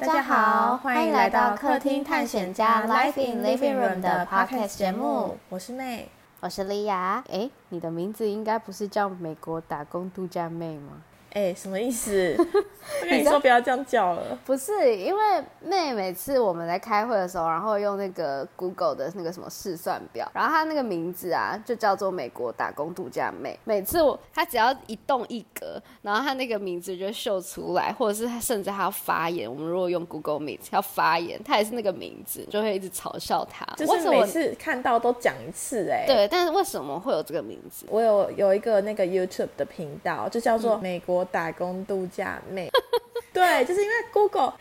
大家好，歡迎來到客廳探險家《Life in Living Room》的 Podcast 節目。我是 May，我是莉亞。哎，你的名字應該不是叫美國打工度假 May 嗎？哎、欸，什麼意思？ 你，道跟你說不要這樣叫了。不是因為妹每次我們來開會的時候，然後用那個 Google 的那個什麼試算表，然後她那個名字啊，就叫做美國打工度假妹。每次我她只要一動一格，然後她那個名字就會秀出來，或者是她甚至她要發言，我們如果用 Google 名字要發言，她也是那個名字，就會一直嘲笑她。就是每次看到都講一次哎、欸。對，但是為什麼會有這個名字？我有有一個那個 YouTube 的頻道，就叫做美國。打工度假 May， 對，就是因為 Google，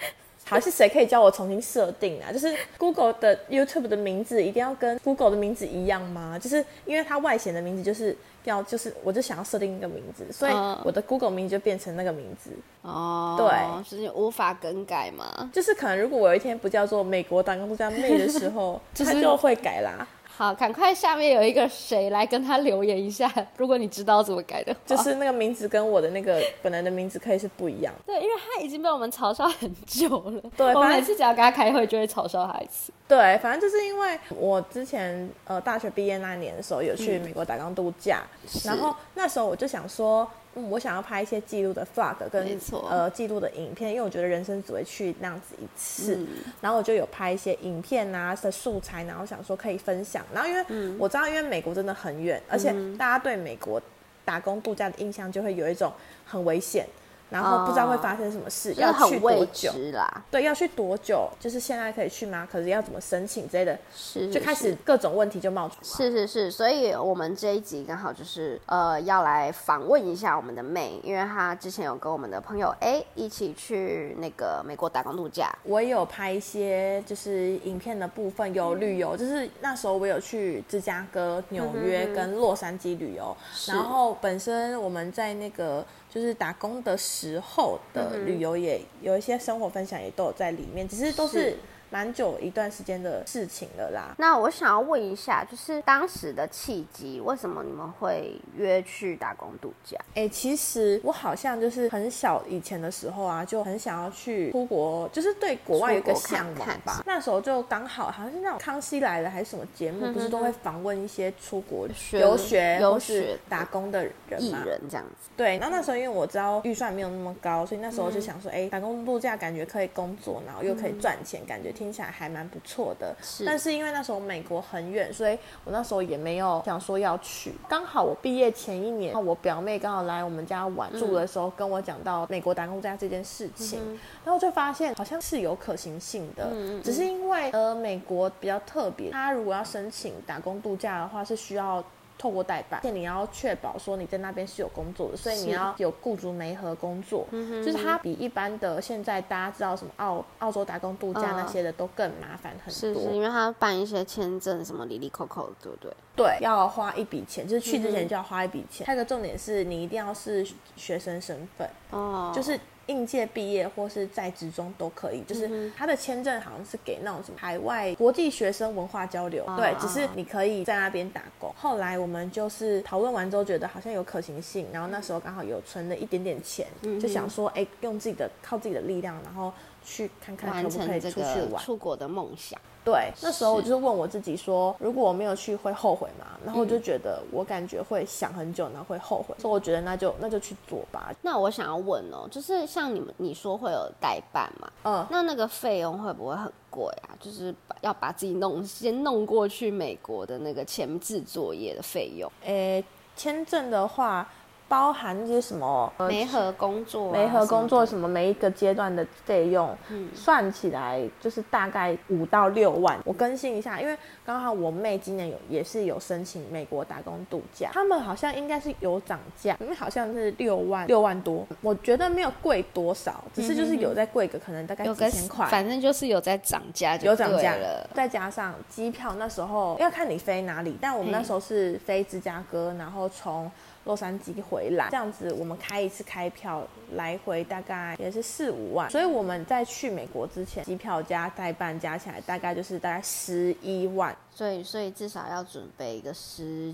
好，是誰可以教我重新設定啊？就是 Google 的 YouTube 的名字一定要跟 Google 的名字一樣嗎？就是因為它外顯的名字就是要，就是我就想要設定一個名字，所以我的 Google 名字就變成那個名字、嗯、對哦。對，就是你無法更改嘛。就是可能如果我有一天不叫做美國打工度假 May 的時候， 就是、它就會改啦。好，趕快下面有一個誰來跟他留言一下，如果你知道怎麼改的話，就是那個名字跟我的那個本來的名字可以是不一樣的。 對，因為他已經被我們嘲笑很久了。對，反正我每次只要跟他開會，就會嘲笑他一次。對，反正就是因為我之前呃大學畢業那年的時候，有去美國打工度假，嗯，然後那時候我就想說，嗯、我想要拍一些記錄的 flag 跟沒錯呃記錄的影片，因為我覺得人生只會去那樣子一次，嗯、然後我就有拍一些影片啊的素材，然後想說可以分享。然後因為我知道，因為美國真的很遠，嗯、而且大家對美國打工度假的印象就會有一種很危險。然後不知道會發生什麼事，嗯、要去多久啦？對，要去多久？就是現在可以去嗎？可是要怎麼申請之類的？是，是，是，就開始各種問題就冒出來。是是是，所以我們這一集剛好就是呃要來訪問一下我們的妹，因為她之前有跟我們的朋友、A、一起去那個美國打工度假。我也有拍一些就是影片的部分，有旅遊，嗯、就是那時候我有去芝加哥、紐約跟洛杉磯旅遊。嗯、哼哼然後本身我們在那個。就是打工的時候的旅遊，也有一些生活分享，也都有在裡面，嗯、哼只是都是。蠻久一段時間的事情了啦。那我想要問一下，就是當時的契機，為什麼你們會約去打工度假？哎、欸，其實我好像就是很小以前的時候啊，就很想要去出國，就是對國外有個向往吧。看看吧，那時候就剛好好像是那種《康熙來了》還是什麼節目，嗯、哼不是都會訪問一些出國留學、留學，學打工的藝人，人這樣子。對，然後那時候因為我知道預算沒有那麼高，所以那時候就想說，哎、嗯欸，打工度假感覺可以工作，然後又可以賺錢，嗯、感覺挺。聽起來還蠻不錯的，是。但是因為那時候美國很遠，所以我那時候也沒有想說要去。剛好我畢業前一年，我表妹剛好來我們家玩住的時候，嗯、跟我講到美國打工度假這件事情，嗯、哼然後就發現好像是有可行性的，嗯嗯嗯只是因為呃美國比較特別，他如果要申請打工度假的話，是需要。透過代辦，而且你要確保說你在那邊是有工作的，所以你要有雇主媒合工作，是就是它比一般的現在大家知道什麼澳澳洲打工度假那些的都更麻煩很多，哦、是是因為它辦一些簽證什麼裡裡扣扣的，對不對？對，要花一筆錢，就是去之前就要花一筆錢。它的、嗯、哼重點是你一定要是學生身份哦，就是。應屆畢業或是在職中都可以，就是他的簽證好像是給那種什麼海外國際學生文化交流，對，只是你可以在那邊打工。後來我們就是討論完之後覺得好像有可行性，然後那時候剛好有存了一點點錢，就想說，哎，用自己的，靠自己的力量，然後。去看看可不可以，完成這個出國的夢想。對，那時候我就是問我自己說，是如果我沒有去，會後悔嗎？然後我就覺得，我感覺會想很久，然後會後悔。嗯、所以我覺得那就那就去做吧。那我想要問哦、喔，就是像你們你說會有代辦嘛？嗯。那那個費用會不會很貴啊？就是把要把自己弄先弄過去美國的那個前置作業的費用？誒、欸，簽證的話。包含那些什麼？媒合工作，啊？媒合工作什麼？每一個階段的費用，嗯、算起來就是大概五到六萬。我更新一下，因為剛好我妹今年有也是有申請美國打工度假，他們好像應該是有漲價，因為好像是六萬六萬多。我覺得沒有貴多少，只是就是有在貴個，可能大概幾千塊。反正就是有在漲價，有漲價了。再加上機票，那時候要看你飛哪裡，但我們那時候是飛芝加哥，然後從。洛杉磯回來這樣子，我們開一次開票來回大概也是四五萬，所以我們在去美國之前，機票加代辦加起來大概就是大概十一萬，所以所以至少要準備一個十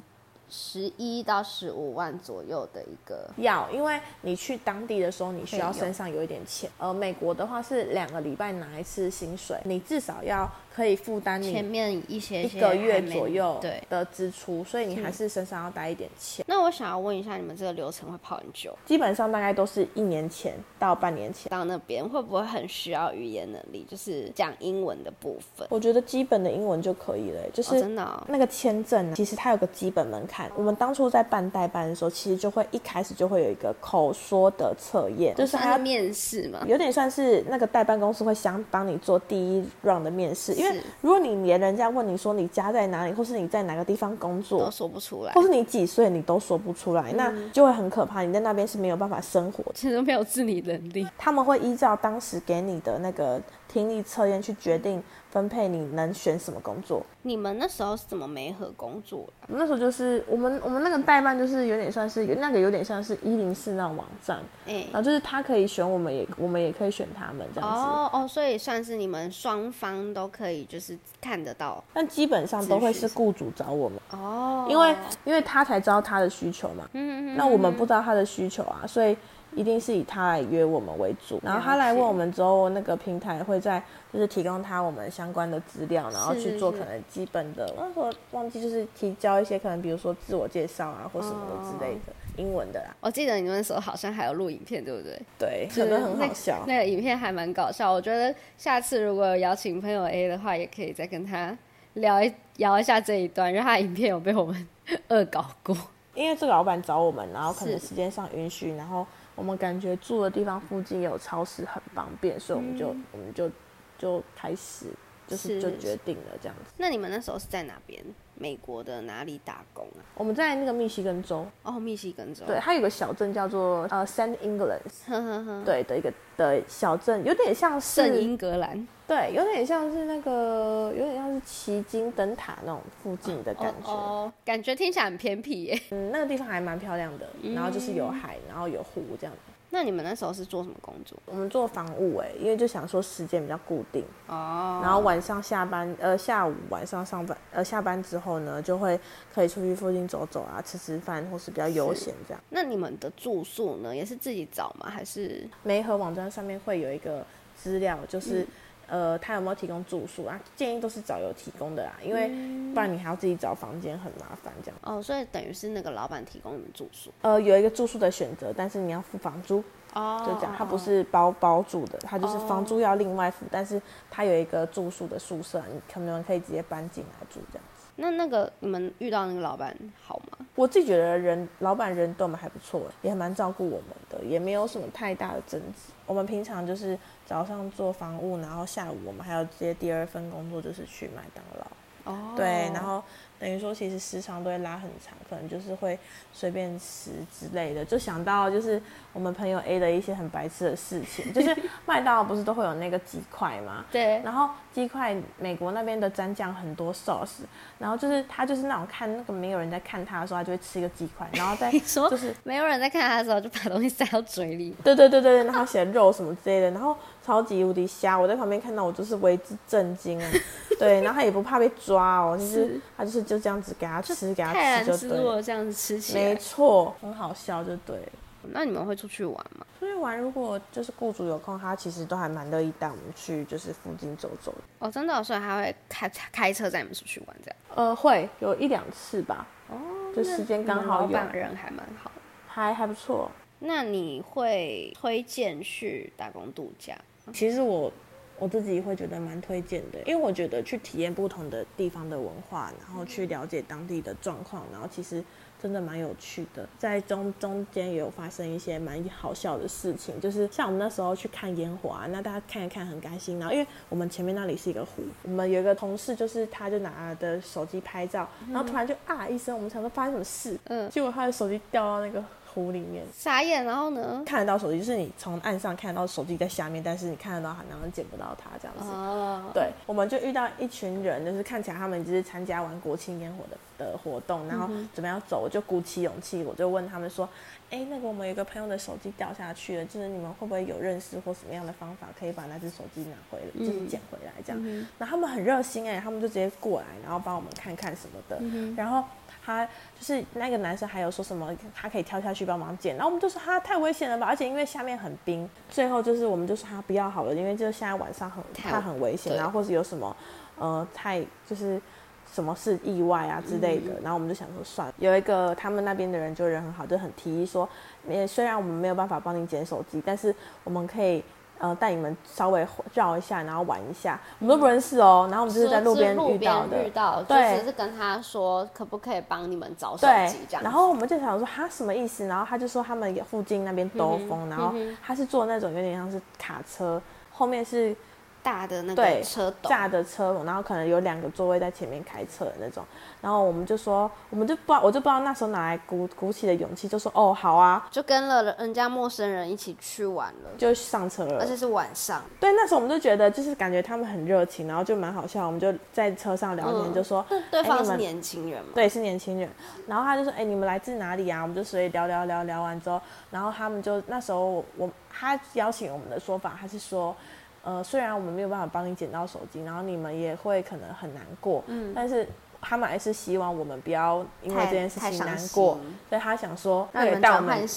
十一到十五萬左右的一個，要，因為你去當地的時候你需要身上有一點錢，有而美國的話是兩個禮拜拿一次薪水，你至少要。可以負擔你前面一些一個月左右的支出，些些所以你還是身上要帶一點錢。那我想要問一下，你們這個流程會跑很久？基本上大概都是一年前到半年前到那邊，會不會很需要語言能力？就是講英文的部分？我覺得基本的英文就可以了、欸。就是、哦、真的、哦、那個簽證呢，其實它有個基本門檻。哦、我們當初在辦代辦的時候，其實就會一開始就會有一個口說的測驗，就是他面試嘛，有點算是那個代辦公司會想幫你做第一 round 的面試，因為。如果你連人家問你說你家在哪裡，或是你在哪個地方工作都說不出來，或是你幾歲你都說不出來，嗯，那就會很可怕。你在那邊是沒有辦法生活的，其實沒有自理能力。他們會依照當時給你的那個聽力測驗去決定，嗯。分配你能選什麼工作？你們那時候是怎麼媒合工作的？那時候就是我們我們那個代辦就是有點算是那個有點像是一零四那種網站，然後、欸啊、就是他可以選，我們也我們也可以選他們這樣子。哦哦，所以算是你們雙方都可以就是看得到，但基本上都會是雇主找我們。哦，因為因為他才知道他的需求嘛，嗯嗯嗯，那我們不知道他的需求啊，所以。一定是以他來約我們為主，然後他來問我們之後，那個平台會在就是提供他我們相關的資料，然後去做可能基本的。那時候忘記就是提交一些可能，比如說自我介紹啊或什麼的之類的、哦、英文的啦。我記得你那時候好像還有錄影片，對不對？對，是可能很好笑。那，那個影片還蠻搞笑，我覺得下次如果有邀請朋友 A 的話，也可以再跟他聊一聊一下這一段，因為他的影片有被我們惡搞過。因為這個老板找我們，然後可能時間上允許，然後。我們感覺住的地方附近有超市，很方便，所以我們就、我們就就開始。就是就決定了這樣子。那你們那時候是在哪邊？美國的哪裡打工啊？我們在那個密西根州。哦，密西根州。對，它有個小鎮叫做呃 Saint England，呵呵呵，對，的一個的小鎮，有點像聖英格蘭。對，有點像是那個，有點像是奇金燈塔那種附近的感覺哦。哦，感覺聽起來很偏僻耶、欸。嗯，那個地方還蠻漂亮的，然後就是有海，然後有湖這樣子。那你們那時候是做什麼工作？我們做房務誒、欸，因為就想說時間比較固定哦，oh. 然後晚上下班呃下午晚上上班呃下班之後呢，就會可以出去附近走走啊，吃吃飯或是比較悠閒這樣。那你們的住宿呢，也是自己找嗎？還是媒合網站上面會有一個資料，就是。嗯呃，他有沒有提供住宿啊？建議都是找有提供的啦，因為不然你還要自己找房間，很麻煩這樣，嗯。哦，所以等於是那個老板提供你們住宿？呃，有一個住宿的選擇，但是你要付房租。哦，就這樣，他不是包包住的，他就是房租要另外付，哦，但是他有一個住宿的宿舍，你可沒有可以直接搬進來住這樣子。那那個你們遇到那個老板好嗎？我自己覺得人老板人對我們還不錯，也還蠻照顧我們。也沒有什麼太大的爭執。我們平常就是早上做房務，然後下午我們還要接第二份工作，就是去麥當勞。Oh. 對，然後。等於說，其實時長都會拉很長，可能就是會隨便吃之類的。就想到就是我們朋友 A 的一些很白痴的事情，就是麥當勞不是都會有那個雞塊嘛？對。然後雞塊美國那邊的蘸醬很多 sauce，然後就是他就是那種看那個沒有人在看他的時候，他就會吃一個雞塊，然後再就是你說沒有人在看他的時候就把東西塞到嘴裡。對對對對，然後寫肉什麼之類的，然後超級無敵瞎，我在旁邊看到我就是為之震驚對，然後他也不怕被抓哦，就是他就是就這樣子給他吃，給他吃就對，這樣子吃起來沒錯，很好笑就對。那你們會出去玩嗎？出去玩，如果就是僱主有空，他其實都還蠻樂意帶我們去，就是附近走走的。哦，真的，所以他會開開車載你們出去玩這樣？呃，會有一兩次吧。哦，就時間剛好有。老闆人還蠻好，還還不錯。那你會推薦去打工度假？其實我。我自己會覺得蠻推薦的，因為我覺得去體驗不同的地方的文化，然後去了解當地的狀況，然後其實真的蠻有趣的。在中中間也有發生一些蠻好笑的事情，就是像我們那時候去看煙花，那大家看一看很開心。然後因為我們前面那裡是一個湖，我們有一個同事就是他就拿的手機拍照，嗯、然後突然就啊一聲，我們想說發生什麼事，嗯，結果他的手機掉到那個。湖裡面，傻眼，然後呢？看得到手機，就是你從岸上看得到手機在下面，但是你看得到它，然後撿不到它這樣子。哦、對，我們就遇到一群人，就是看起來他們就是參加完國慶煙火的的活動，然後準備要走，我就鼓起勇氣，我就問他們說：“哎、嗯哼欸，那個我們有一個朋友的手機掉下去了，就是你們會不會有認識或什麼樣的方法可以把那隻手機拿回來，嗯、哼就是撿回來這樣？”那、嗯、哼他們很熱心哎、欸，他們就直接過來，然後幫我們看看什麼的。嗯、哼然後他就是那個男生，還有說什麼他可以跳下去。去幫忙撿，然後我們就說他太危險了吧，而且因為下面很冰，最後就是我們就說他不要好了，因為就現在晚上很怕很危險，然後或者有什麼對呃太就是什麼是意外啊之類的，嗯、然後我們就想說算，有一個他們那邊的人就人很好，就很提議說，雖然我們沒有辦法幫您撿手機，但是我們可以。呃，帶你們稍微繞一下，然後玩一下，我們都不認識哦。嗯、然後我們就是在路邊遇到的，遇到，對，就只是跟他說可不可以幫你們找手機這樣。然後我們就想說他什麼意思，然後他就說他們附近那邊兜風，嗯、哼然後他是坐那種有點像是卡車，嗯、哼後面是。大的那個車斗，大的車，然後可能有兩個座位在前面開車的那種，然後我們就說，我們就不知道，我就不知道那時候哪來鼓鼓起的勇氣，就說，哦，好啊，就跟了人家陌生人一起去玩了，就上車了，而且是晚上。對，那時候我們就覺得，就是感覺他們很熱情，然後就蠻好笑，我們就在車上聊天，嗯，就說，嗯，對方是年輕人嘛，哎，對，是年輕人，然後他就說，哎，你們來自哪裡啊？我們就所以聊聊聊聊完之後，然後他們就那時候我，我他邀請我們的說法，他是說。呃，雖然我們沒有辦法幫你撿到手機，然後你們也會可能很難過，嗯，但是他們還是希望我們不要因為這件事情難過，所以他想說，那也帶我們，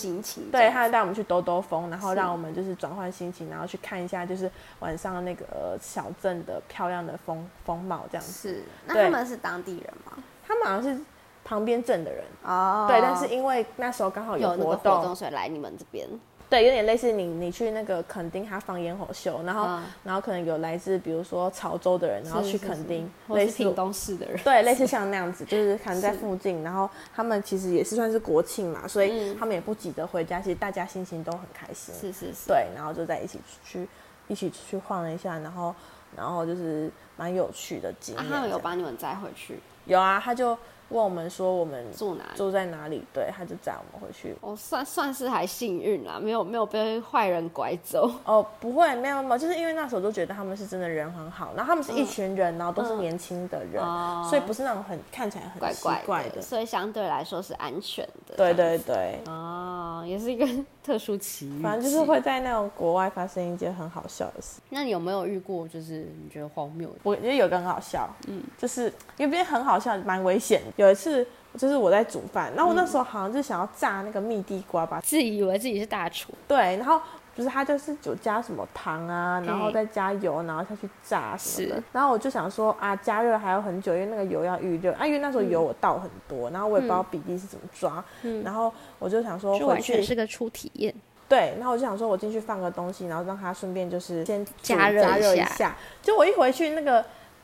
對，他帶我們去兜兜風，然後讓我們就是轉換心情，然後去看一下就是晚上那個小鎮的漂亮的風風貌這樣子。是，那他們是當地人嗎？他們好像是旁邊鎮的人哦，對，但是因為那時候剛好有活動，所以來你們這邊。對，有點類似你，你去那個墾丁，他放煙火秀，然後，啊、然後可能有來自比如說潮州的人，然後去墾丁，或是屏東市的人，對， 類似像那樣子，就是可能在附近，是然後他們其實也是算是國慶嘛，所以他們也不急着回家，其實大家心情都很開心，是是是，對，然後就在一起出去，一起出去晃了一下，然後，然後就是蠻有趣的經歷。啊，他有把你們載回去？有啊，他就。問我們說，我們住哪，住在哪裡？對，他就載我們回去。哦，算算是還幸運啦、啊，沒有沒有被壞人拐走。哦，不會，沒有沒有，就是因為那時候都覺得他們是真的人很好，然後他們是一群人，然後都是年輕的人，嗯嗯哦、所以不是那種很看起來很奇怪，怪怪的，所以相對來說是安全的。對對對。哦，也是一個特殊奇遇，反正就是會在那種國外發生一件很好笑的事。那你有沒有遇過就是你覺得荒謬？我覺得有個很好笑，嗯，就是因為很好笑，蠻危險。有一次，就是我在煮飯，然後我那時候好像就想要炸那個蜜地瓜吧，嗯、自己以為自己是大廚。對，然後不是他就是就是有加什麼糖啊，欸、然後再加油，然後下去炸什麼的。是。然後我就想說啊，加熱還要很久，因為那個油要預熱啊，因為那時候油我倒很多，然後我也不知道比例是怎麼抓，嗯嗯嗯、然後我就想說回去是個初體驗。對，然後我就想說我進去放個東西，然後讓他順便就是先加熱一,一下。就我一回去，那個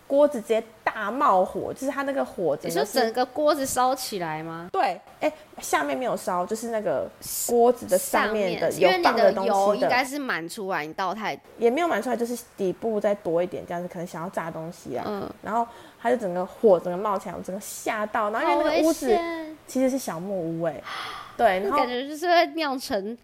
鍋子直接。啊，冒火，就是它那個火整個，你說整個鍋子燒起來嗎？對，哎，下面沒有燒，就是那個鍋子的上面的油，有放的東西的的應該是滿出來，你倒太多也沒有滿出來，就是底部再多一點這樣子，可能想要炸東西啊。嗯，然後它就整個火整個冒起來，我整個嚇到，然後因為那個屋子其實是小木屋、欸，哎，對，然後感覺就是會釀成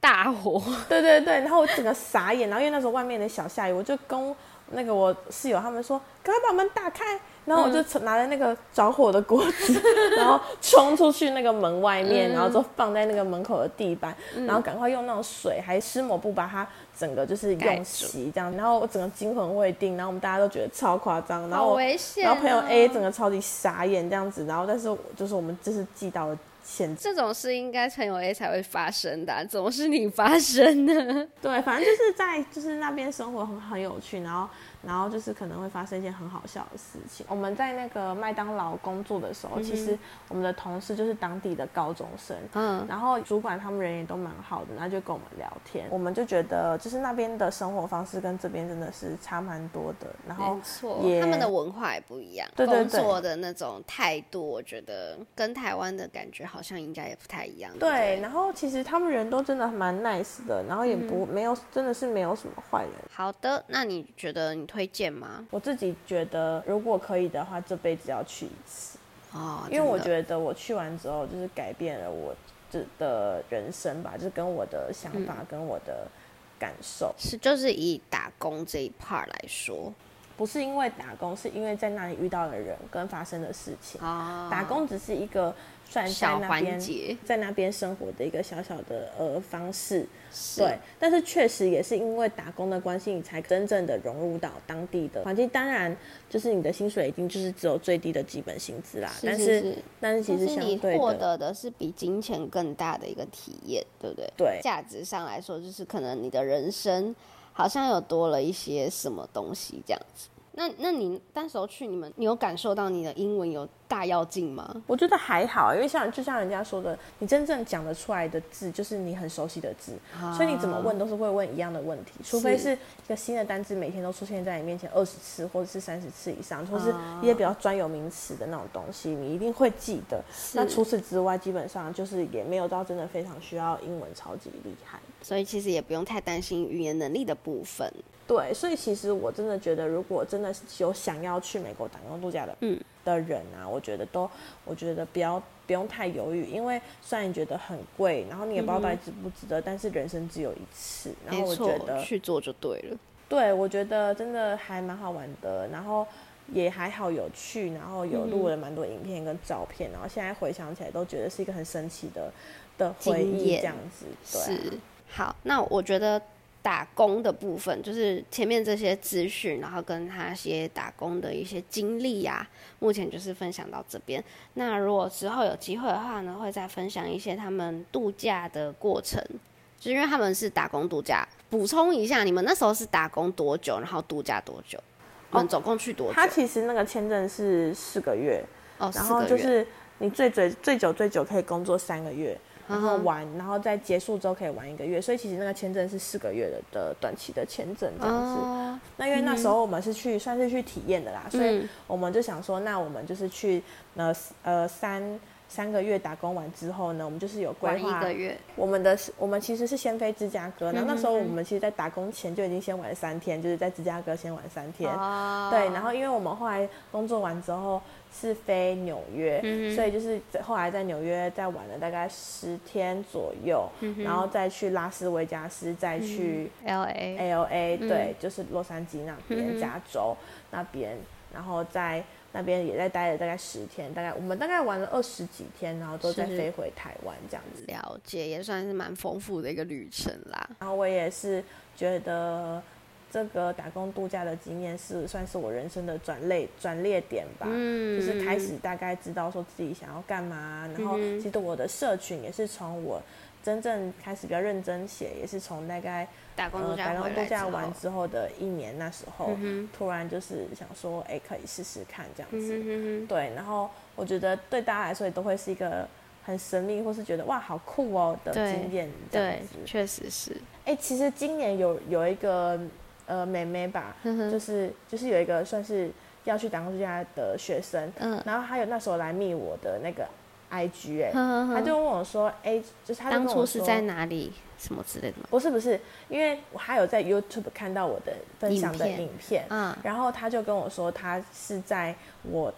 大火，對，對對對，然後我整個傻眼，然後因為那時候外面的小下雨，我就跟我。那個我室友他們說趕快把門打開，然後我就拿著那個着火的鍋子，嗯、然後衝出去那個門外面，嗯、然後就放在那個門口的地板，嗯、然後趕快用那種水還濕抹布把它整個就是用洗這樣，該死。然後我整個驚魂未定，然後我們大家都覺得超誇張，然後、哦、然後朋友 A 整個超級傻眼這樣子，然後但是就是我們就是記到了。現這種事應該只有 A 才會發生的，啊，怎麼是你發生呢？對，反正就是在就是那邊生活很很有趣，然後。然後就是可能會發生一件很好笑的事情。我們在那個麥當勞工作的時候，其實我們的同事就是當地的高中生。嗯，然後主管他們人也都蠻好的，然後就跟我們聊天。我們就覺得，就是那邊的生活方式跟這邊真的是差蠻多的。然後沒錯，他們的文化也不一樣。對，對對對，工作的那種態度，我覺得跟台灣的感覺好像應該也不太一樣。對，對，對，然後其實他們人都真的蠻 nice 的，然後也不、嗯、沒有，真的是沒有什麼壞人。好的，那你覺得你？推薦嗎？我自己覺得，如果可以的話，這輩子要去一次。哦，因為我覺得我去完之後，就是改變了我的人生吧，就是跟我的想法，嗯、跟我的感受，是就是以打工這一 part 來說。不是因為打工，是因為在那裡遇到的人跟發生的事情。啊、打工只是一個算在那邊小環節，在那邊生活的一個小小的呃方式，是對。但是確實也是因為打工的關係，你才真正的融入到當地的環境。當然，就是你的薪水已經就是只有最低的基本薪資啦。是但是，是是是但是其實相對的但是你獲得的是比金錢更大的一個體驗，對不對？對。價值上來說，就是可能你的人生。好像有多了一些什麼東西這樣子。那那你那時候去你們，你有感受到你的英文有？大要緊嗎？我覺得還好，因為像就像人家說的，你真正講得出來的字，就是你很熟悉的字，啊、所以你怎麼問都是會問一樣的問題，是除非是一個新的單字，每天都出現在你面前二十次或者是三十次以上，或者是一些比較專有名詞的那種東西，你一定會記得。是那除此之外，基本上就是也沒有到真的非常需要英文超級厲害，所以其實也不用太擔心語言能力的部分。對，所以其實我真的覺得，如果真的有想要去美國打工度假的，嗯。的人啊，我覺得都，我覺得不要不用太猶豫，因為雖然你覺得很貴，然後你也不知道到底值不值得，嗯、但是人生只有一次，沒錯、然後我覺得去做就對了。對，我覺得真的還蠻好玩的，然後也還好有趣，然後有錄了蠻多影片跟照片，嗯、然後現在回想起來都覺得是一個很神奇的的回憶這樣子。經驗、對啊、是，好，那我覺得。打工的部分就是前面這些資訊，然後跟他一些打工的一些經歷呀、啊，目前就是分享到這邊。那如果之後有機會的話呢，會再分享一些他們度假的過程，就是、因為他們是打工度假。補充一下，你們那時候是打工多久，然後度假多久？我們總共去多久、哦？他其實那個簽證是四個月哦，月然後就是你最最最久最久可以工作三個月。然後玩，然後在結束之後可以玩一個月，所以其實那個簽證是四個月的的短期的簽證這樣子。哦、那因為那時候我們是去算是去體驗的啦，嗯、所以我們就想說，那我們就是去呃呃三。三個月打工完之後呢，我們就是有規劃我們的玩一個月。我們的，我們其實是先飛芝加哥，那、嗯、哼那時候我們其實，在打工前就已經先玩三天，就是在芝加哥先玩三天。哦、對，然後因為我們後來工作完之後是飛紐約，嗯、哼所以就是後來在紐約再玩了大概十天左右，嗯、哼然後再去拉斯維加斯，再去 LA，LA，對，就是洛杉磯那邊，嗯、哼加州那邊。然後在那邊也在待了大概十天，大概我們大概玩了二十幾天，然後都再飛回台灣是是這樣子。了解，也算是蠻豐富的一個旅程啦。然後我也是覺得這個打工度假的經驗是算是我人生的轉類轉捩點吧，嗯，就是開始大概知道說自己想要幹嘛，然後其實我的社群也是從我。真正開始比較認真寫，也是從大概打工度假、呃、完之後的一年，那時候、嗯、哼突然就是想說，哎、欸，可以試試看這樣子。嗯、哼哼哼對，然後我覺得對大家來說也都會是一個很神秘或是覺得哇，好酷哦、喔、的經驗這樣子。確實是。哎、欸，其實今年有有一個呃妹妹吧，嗯、哼就是就是有一個算是要去打工度假的學生，嗯、然後還有那時候來密我的那個。I G 哎，他就問我說，誒、欸，就是他就當初是在哪裡什麼之類的嗎？不是不是，因為我還有在 YouTube 看到我的分享的影片，影片，嗯，然後他就跟我說他是在我。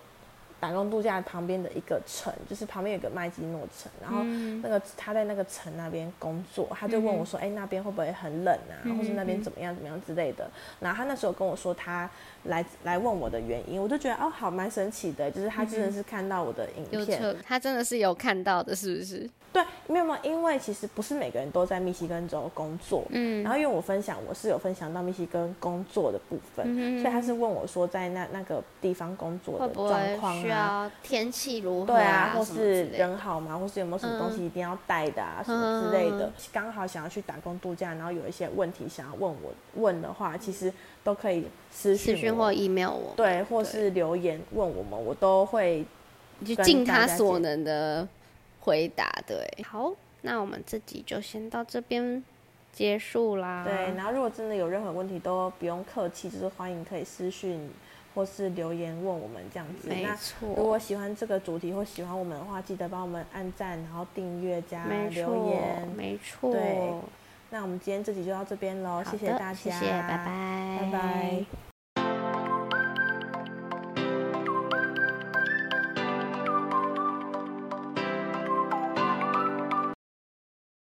打工度假旁邊的一個城，就是旁邊有一個麥基諾城，然後那個、嗯、他在那個城那邊工作，他就問我說：“哎、嗯欸，那邊會不會很冷啊？嗯、或是那邊怎麼樣怎麼樣之類的？”然後他那時候跟我說他來來問我的原因，我就覺得哦，好，蠻神奇的，就是他真的是看到我的影片，嗯、他真的是有看到的，是不是？對，沒有嘛，因為其實不是每個人都在密西根州工作，嗯，然後因為我分享我是有分享到密西根工作的部分，嗯嗯、所以他是問我說在那那個地方工作的狀況。是對啊，天氣如何、啊？對啊，或是人好嗎？或是有沒有什麼東西一定要帶的啊？嗯、什麼之類的？剛好想要去打工度假，然後有一些問題想要問我問的話，嗯、其實都可以私訊或 email 我，em 我對，或是留言對問我們，我都會就盡他所能的回答。對，好，那我們這集就先到這邊結束啦。對，然後如果真的有任何問題，都不用客氣，就是歡迎可以私訊。或是留言問我們這樣子，沒錯，那如果喜歡這個主題或喜歡我們的話，記得幫我們按讚，然後訂閱加留言，沒錯，沒錯，對。那我們今天這集就到這邊嘍，好的，謝謝大家，謝謝，拜拜，拜拜。